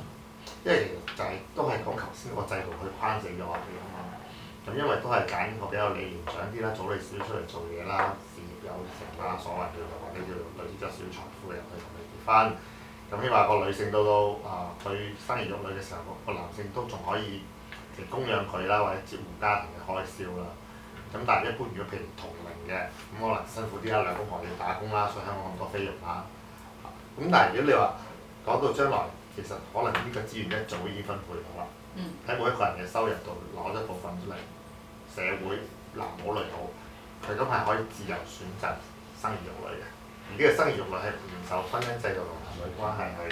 因為其實就係、是、都係講頭先個制度去框死咗我哋。咁、嗯嗯、因為都係揀個比較理想啲啦，早啲少啲出嚟做嘢啦。有成班所謂嘅做，或者叫做類似少財富嘅人去同你結婚，咁希望個女性到到啊，佢、呃、生兒育女嘅時候，個男性都仲可以嚟供養佢啦，或者接負家庭嘅開銷啦。咁但係一般如果譬如同齡嘅，咁可能辛苦啲啦，兩公婆要打工啦，所以香港咁多菲傭啦。咁但係如果你話講到將來，其實可能呢個資源一早已分配好啦。喺每一個人嘅收入度攞一部分出嚟，社會男好女好。佢都係可以自由選擇生兒育女嘅，而呢個生兒育女係唔受婚姻制度同男女關係係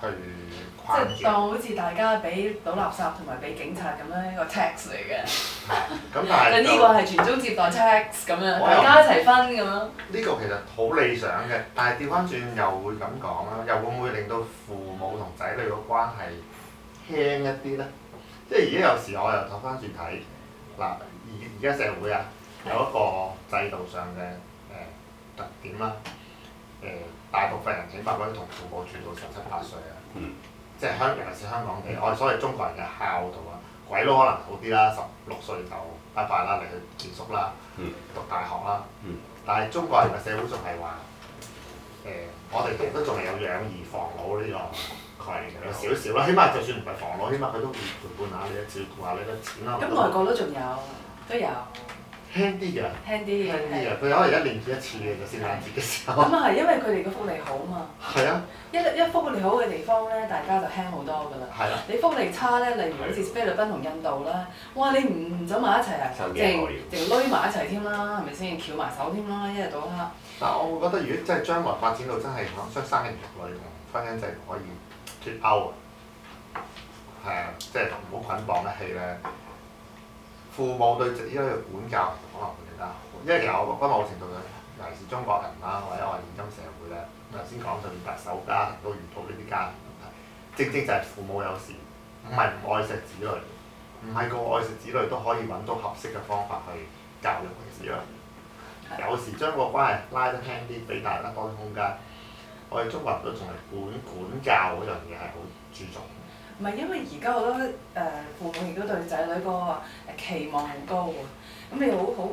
去，去即係當好似大家俾倒垃圾同埋俾警察咁一,一個 tax 嚟嘅。咁、 嗯、但係呢 個係傳宗接代 tax 咁樣，也大家一齊分咁樣。呢個其實好理想嘅，但係調翻轉又會咁講啦，又會唔會令到父母同仔女個關係輕一啲咧？即係而家有時我又睇翻轉睇嗱，而而家社會啊～有一個制度上嘅誒、呃、特點啦，誒、呃、大部分人起碼都同父母住到十七八歲啊，嗯、即係香尤其是香港地，我哋所謂中國人嘅孝道啊，鬼佬可能好啲啦，十六歲就拜拜啦，嚟去住宿啦，嗯、讀大學啦，但係中國人嘅社會仲係話，誒、呃、我哋其實都仲係有養兒防老呢個概念嘅，有少少啦，起碼就算唔係防老，起碼佢都會陪伴下你，照顧下你嘅錢啊，咁外國都仲有，都有。輕啲嘅、啊，輕啲㗎、啊，佢可能一年見、啊、一次嘅、啊，就聖誕節嘅時候。咁啊係，因為佢哋嘅福利好啊嘛。係啊，一一福利好嘅地方咧，大家就輕好多㗎啦。係啦、啊，你福利差咧，例如好似菲律賓同印度啦，哇！你唔走埋一齊理要啊，成成累埋一齊添啦，係咪先？翹埋手添、啊、啦，一日到黑。但我會覺得，如果真係將來發展到真係想即係生完女，婚姻就係可以脫歐、啊，係啊，即係唔好捆綁一氣咧。父母對，因為管教可能會更加好，因為其實我今日我程度上，尤其是中國人啦，或者我現今社會咧，頭先講到，特首家庭，都遇到呢啲家庭問題，正正就係父母有時唔係唔愛錫子女，唔係、mm hmm. 個愛錫子女都可以揾到合適嘅方法去教育佢哋，因有時將個關係拉得輕啲，俾大家多啲空間，我哋中國人都仲係管管教嗰樣嘢係好注重。唔係因為而家好多誒、呃、父母亦都對仔女個期望好高喎，咁你好好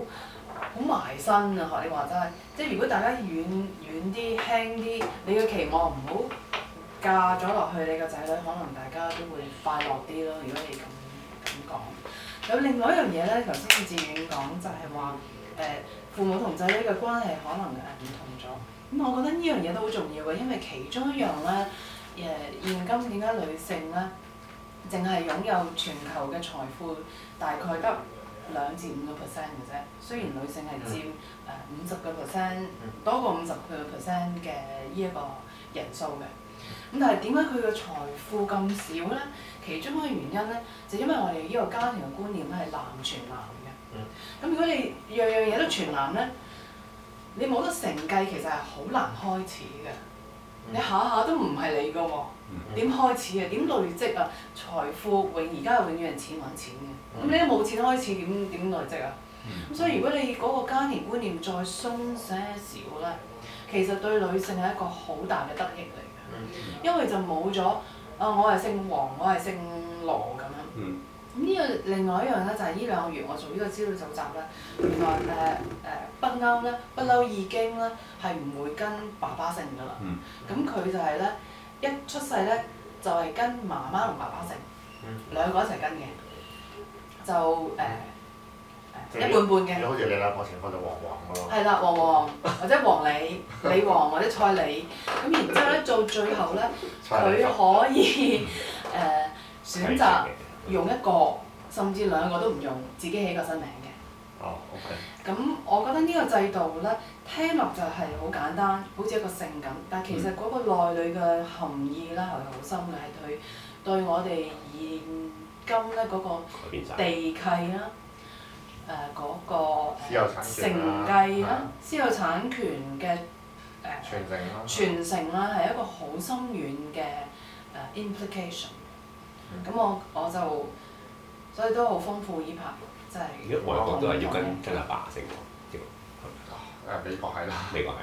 好埋身啊！學你話齋，即係如果大家遠遠啲輕啲，你嘅期望唔好嫁咗落去，你個仔女可能大家都會快樂啲咯。如果你咁咁講，有另外一樣嘢咧，頭先志遠講就係話誒父母同仔女嘅關係可能誒唔同咗。咁、嗯、我覺得呢樣嘢都好重要嘅，因為其中一樣咧。誒現今點解女性咧，淨係擁有全球嘅財富大概得兩至五個 percent 嘅啫。雖然女性係佔誒五十個 percent 多過五十個 percent 嘅呢一個人數嘅，咁但係點解佢嘅財富咁少咧？其中一個原因咧，就因為我哋呢個家庭嘅觀念咧係男傳男嘅。咁如果你樣樣嘢都傳男咧，你冇得承繼，其實係好難開始嘅。你下下都唔係你嘅喎、哦，點開始啊？點累積啊？財富永而家係永遠係錢揾錢嘅，咁、嗯、你都冇錢開始點點累積啊？咁、嗯、所以如果你以嗰個家庭觀念再鬆些少咧，其實對女性係一個好大嘅得益嚟嘅，嗯嗯、因為就冇咗啊！我係姓黃，我係姓羅咁樣。嗯呢個另外一樣咧，就係、是、呢兩個月我做呢個資料搜集咧，原來誒誒不嬲咧，不嬲已經咧係唔會跟爸爸姓噶啦。咁佢、嗯、就係、是、咧一出世咧就係跟媽媽同爸爸姓，嗯、兩個一齊跟嘅，就誒、呃、一半半嘅。即係好似你兩房情況就黃黃咁咯。係啦，黃黃或者黃李、 李黃或者蔡李，咁然之後咧做最後咧，佢可以誒、呃、選擇。用一個甚至兩個都唔用，自己起個新名嘅。哦、oh,，OK。咁我覺得呢個制度咧，聽落就係好簡單，好似一個性感，但其實嗰個內裏嘅含義咧係好深嘅，係對對我哋現今咧嗰個地契啦，誒、呃、嗰、那個私有產權啦、啊，承繼啦，私有產權嘅誒傳承啦，傳承、呃、係、啊、一個好深遠嘅誒、呃、implication。咁、嗯、我我就所以都好豐富依排，即係。如果外國都係要跟親阿爸姓，喎、嗯，要吧啊！美國係啦，美國係。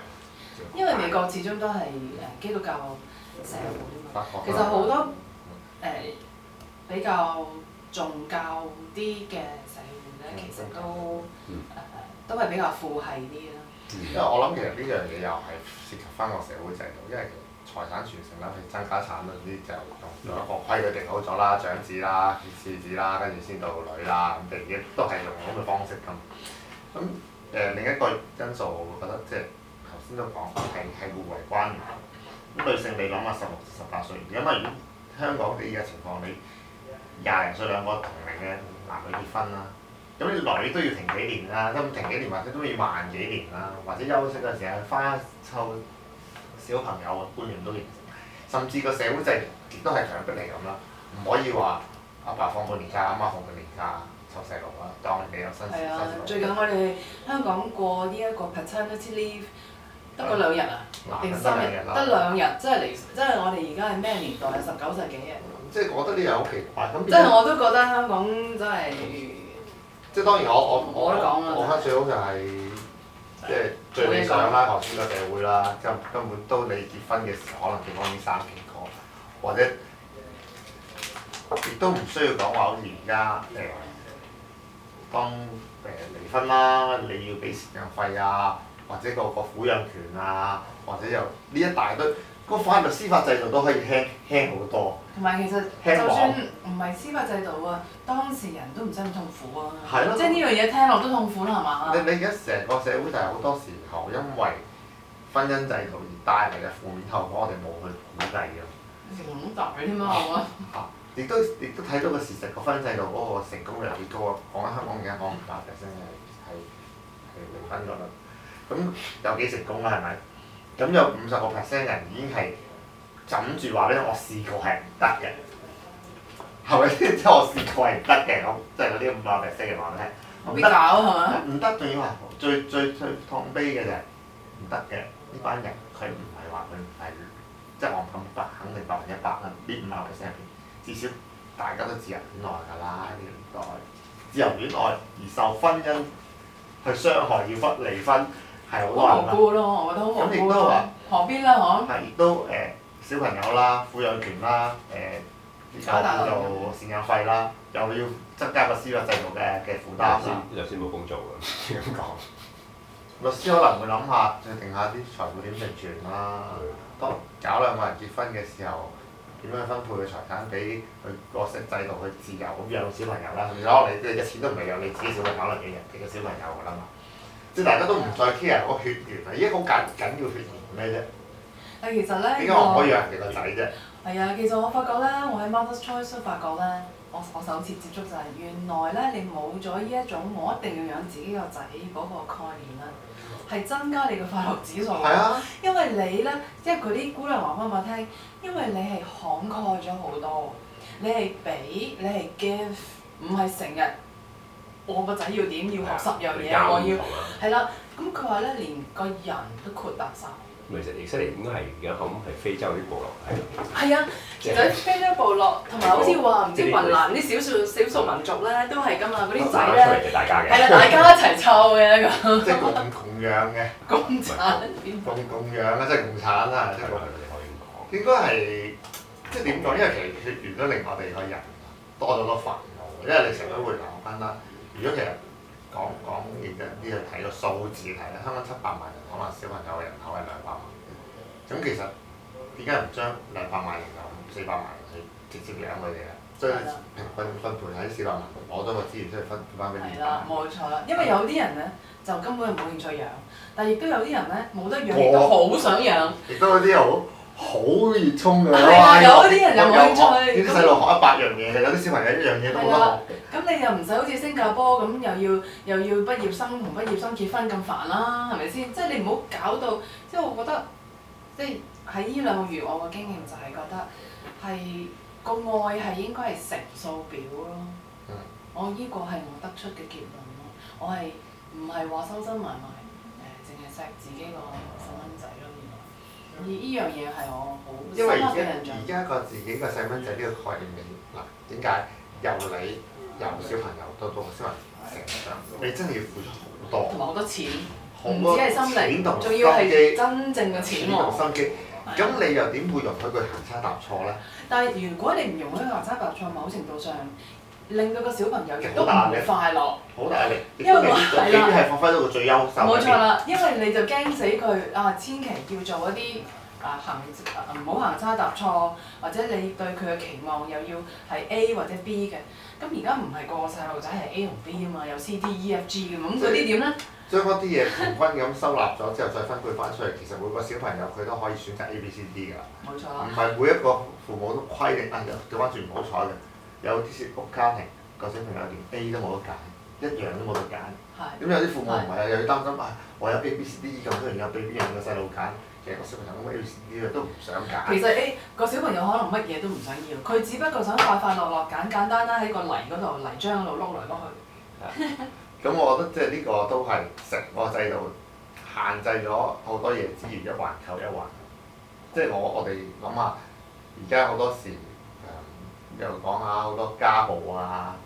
因為美國始終都係誒基督教社會啊嘛，其實好多誒、呃、比較宗教啲嘅社會咧，其實都、嗯、都係比較父系啲啦。嗯嗯、因為我諗其實呢樣嘢又係涉及翻個社會制度，因為。財產傳承啦，去增加產嗰啲就用咗一個規矩定好咗啦，長子啦，次子啦，跟住先到女啦，咁第亦都係用咁嘅方式咁。咁誒、呃、另一個因素，我會覺得即係頭先都講係係互為關聯。咁女性你諗下十六、十八歲，因為如果香港你嘅情況你廿零歲兩個同齡嘅男女結婚啦，咁你女都要停幾年啦，咁停幾年或者都要萬幾年啦，或者休息嘅時間花湊。小朋友半年都完成，甚至個社會制度都係強逼你咁啦，唔可以話阿爸放半年假，阿媽放半年假湊細路啊，當你有新。係啊，最近我哋香港過呢一個 paternity leave，得嗰兩日啊，定三日？得、啊、兩日，即係嚟，即係我哋而家係咩年代啊？嗯、十九世紀啊？即係我覺得呢樣好奇怪咁。即係我都覺得香港真、就、係、是。嗯、即係當然我我我我最好最好就係。即係最理想啦，傳統個社會啦，即係根本都，都，都你結婚嘅時候，可能對方已經生幾個，或者亦都唔需要講話好似而家誒，當誒、呃、離婚啦，你要俾贍養費啊，或者、嗰個、嗰個撫養權啊，或者又呢一大堆。個法律司法制度都可以輕輕好多，同埋其實就算唔係司法制度啊，當事人都唔使咁痛苦啊。係咯的，即係呢樣嘢聽落都痛苦啦，係嘛？你你而家成個社會就係好多時候因為婚姻制度而帶嚟嘅負面後果，我，我哋冇去估計嘅。成龍仔添啊，我、 啊。嚇、啊！亦都亦都睇到個事實，個婚姻制度嗰個成功率幾高啊！講緊香港而家講唔得嘅，真係係係離婚率，咁 有幾成功啊？係咪？咁有五十個 percent 人已經係諗住話咧，我試過係唔得嘅，係咪先？即 係我試過係唔得嘅，咁即係嗰啲五百 percent 嘅話俾你聽，唔得啊，係嘛？唔得仲要話最最最，最痛悲嘅就係唔得嘅呢班人，佢唔係話佢唔係即係我咁百分百肯定百分之一百啊！呢五百 percent 至少大家都自由戀愛㗎啦，呢年代自由戀愛而受婚姻去傷害要分離婚。係，好無辜咯！我覺得好無辜啊。旁邊啦，嗬。係都誒，小朋友啦，撫養權啦，誒，啲財務就贍養費啦，又要增加個司法制度嘅嘅負擔啦。律師又先冇工做㗎，咁講。律師可能會諗下，要定下啲財務點嚟轉啦。當搞兩個人結婚嘅時候，點樣分配嘅財產俾佢各識制度去自由撫養小朋友啦？你攞嚟嘅錢都唔係由你自己手度考慮嘅人哋嘅小朋友㗎啦嘛。即係大家都唔再 care 個的血緣啊，依啲好緊緊要血緣咩啫？但其實咧，點解我唔可以養佢個仔啫？係啊，其實我發覺咧，我喺 Mother's Choice 都發覺咧，我我首次接觸就係原來咧，你冇咗呢一種我一定要養自己個仔嗰個概念咧，係增加你嘅快樂指數。係啊的。因為你咧，即係佢啲姑娘話翻我聽，因為你係慷慨咗好多，你係俾你係 give，唔係成日。我個仔要點要學十樣嘢，我要係啦。咁佢話咧，連個人都闊達晒。其實歷史嚟應該係而家講係非洲啲部落喺度。係啊，其實、非洲部落同埋好似話唔知雲南啲少數少數民族咧都係噶嘛，嗰啲仔咧係啦，大家一齊湊嘅咁。那個、即係共共養嘅。共產。哪共共養啊！即係共產啊！即係我哋我應講。應該係即係點講？因為其實血緣都令我哋個人多咗多煩惱，因為你成日都會留翻啦。如果其實講講嘢啫，呢、這個睇、這個數、這個、字睇啦，香港七百萬人，可能小朋友嘅人口係兩百萬，咁其實點解唔將兩百萬人口、四百萬人去直接養佢哋啊？將的平均分配喺四百萬攞多個資源，即係分翻俾你。係啦，冇錯啦，因為有啲人咧就根本係冇興趣養，但係亦都有啲人咧冇得養，都好、哦、想養。亦都、哦、有啲好。好熱衷㗎，有啲人有興趣，啲細路學一百樣嘢，有啲小朋友一樣嘢都唔學。咁你又唔使好似新加坡咁 又要又要畢業生同畢業生結婚咁煩啦、啊，係咪先？即係你唔好搞到，即係我覺得，即係喺呢兩個月我嘅經驗就係覺得係個愛係應該係成數表咯。 我呢個係我得出嘅結論咯，我係唔係話收收埋埋誒，淨係錫自己個細蚊仔咯。而呢樣嘢係我好深刻嘅印象。因為而家而家個自己個細蚊仔呢個概念，嗱點解由你、嗯、由小朋友到到先啊成長，你真係要付出好多，同埋好多錢，唔止係心靈，仲要係真正嘅錢心機，咁、啊、你又點會容許佢行差踏錯咧？但係如果你唔容許佢行差踏錯，某程度上。令到個小朋友亦都唔快樂，好大力，因為我係啦，冇錯啦，因為你就驚死佢啊！千祈叫做一啲啊行唔好行差踏錯，或者你對佢嘅期望又要係 A 或者 B 嘅。咁而家唔係個細路仔係 A 同 B 啊嘛，有 C D E F G 嘅咁，嗰啲點咧？將嗰啲嘢平均咁收納咗之後，再分配翻出嚟，其實每個小朋友佢都可以選擇 A B C D 噶。冇錯。唔係每一個父母都規定得啊，調翻轉唔好彩嘅。有啲蝕屋家庭個小朋友連 A 都冇得揀，一樣都冇得揀。咁的有啲父母唔係又要擔心啊、哎！我有 A 的、B、C、D 咁多樣，俾邊個細路揀？其實個小朋友冇乜要，都唔想揀。其實 A 個小朋友可能乜嘢都唔想要，佢只不過想快快樂樂、簡簡單單喺個泥嗰度、泥漿嗰度撈來撈去。咁的 我覺得即係呢個都係成個制度限制咗好多嘢，之餘一環扣一環。即係我我哋諗下，而家好多時。又講下好多家暴啊，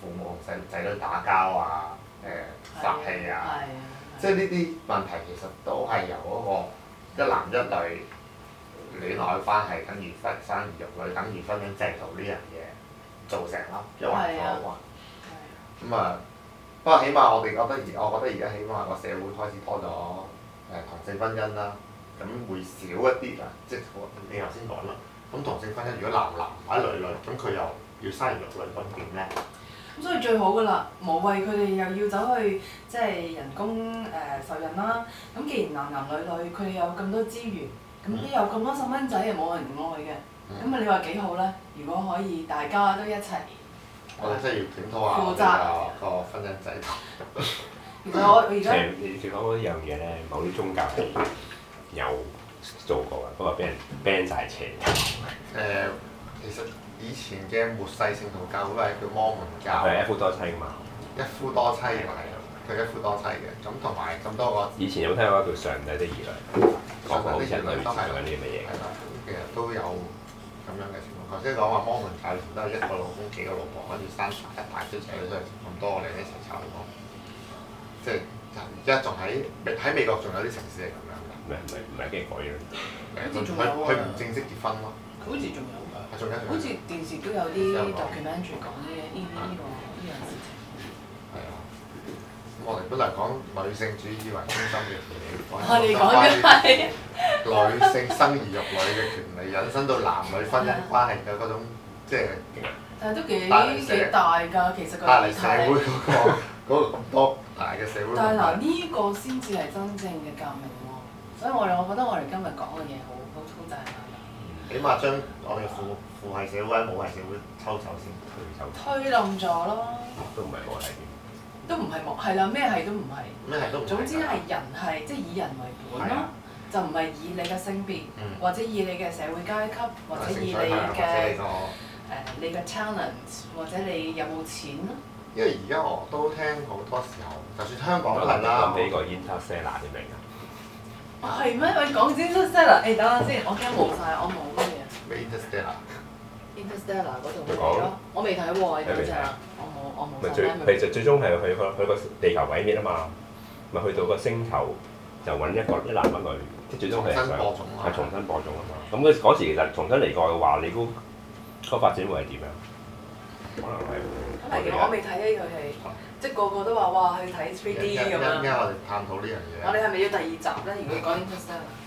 父母同仔仔女打交啊，誒、欸、殺氣啊，啊啊啊啊即係呢啲問題其實都係由嗰個一男一女戀愛關係，等於分生兒育女，等於婚姻制度呢樣嘢做成咯、啊，一環套一環。咁啊、嗯，不過起碼我哋覺得而我覺得而家起碼個社會開始拖咗誒同性婚姻啦，咁、欸、會少一啲啦，即係你頭先講啦。咁同性婚姻，如果男男或者女女，咁佢又要生兒育女咁點咧？咁所以最好噶啦，無謂佢哋又要走去即係人工誒受孕啦。咁既然男男女女，佢哋有咁多資源，咁你有咁多細蚊仔，又冇人愛嘅，咁啊你話幾好咧？如果可以，大家都一齊，我哋真係要檢討下個婚姻制度，其實我而家你你講嗰一樣嘢咧，某啲宗教係有。做過啊，不過俾人 ban 曬車。誒、 呃，其實以前嘅末世聖徒教會係叫摩門教。係一夫多妻啊嘛。一夫多妻嘅，佢一夫多妻嘅，咁同埋咁多個。以前有冇聽過叫上帝的兒女？講過啲人嚟做緊呢啲嘅嘢。係啦，其實都有咁樣嘅情況。頭先講話摩門教都係一個老公幾個老婆，跟住生一大堆仔女，都係咁多我哋一齊炒作。即係，而家仲喺喺美國仲有啲城市係咁唔係唔係唔係，驚改樣佢唔正式結婚咯。佢好似仲有㗎。仲有。好似電視都有啲 documentary 講啲嘢呢個呢樣事情。係啊。我哋本嚟講女性主義為中心嘅我哋講嘅係。女性生兒育女嘅權利引申到男女婚姻關係嘅嗰種即係。但係都幾幾大㗎，其實個社社會嗰個嗰咁多大嘅社會。但係嗱，呢個先至係真正嘅革命。所以我哋，我覺得我哋今日講嘅嘢好好粗大壓力。起碼將我哋父系社會、母系社會抽走先，推走。推冧咗咯。都唔係冇嚟都唔係冇，係啦，咩係都唔係。咩係都唔。總之係人係，即係以人為本咯，就唔係以你嘅性別，或者以你嘅社會階級，或者以你嘅誒你嘅 talents 或者你有冇錢。因為而家我都聽好多時候，就算香港人呀。我俾個 interview。係咩？喂，講《Interstellar》誒，等下先，我驚冇晒，我冇咗嘢。《Interstellar》《Interstellar》嗰套咯，我未睇喎，你有冇睇啊？我冇，我冇最。咪最其實最終係去、去嗰個去個地球毀滅啊嘛，咪去到個星球就揾一個一男一女，即係最終係重新播種，啊。係重新播種啊嘛，咁嗰時其實重新嚟過嘅話，你估個發展會係點樣？可能係。係，我未睇呢套戲。是即係個個都話：「哇，去睇 3D 咁家樣。」咁點解我哋探討呢樣嘢？我哋係咪要第二集咧？如果果啲出事。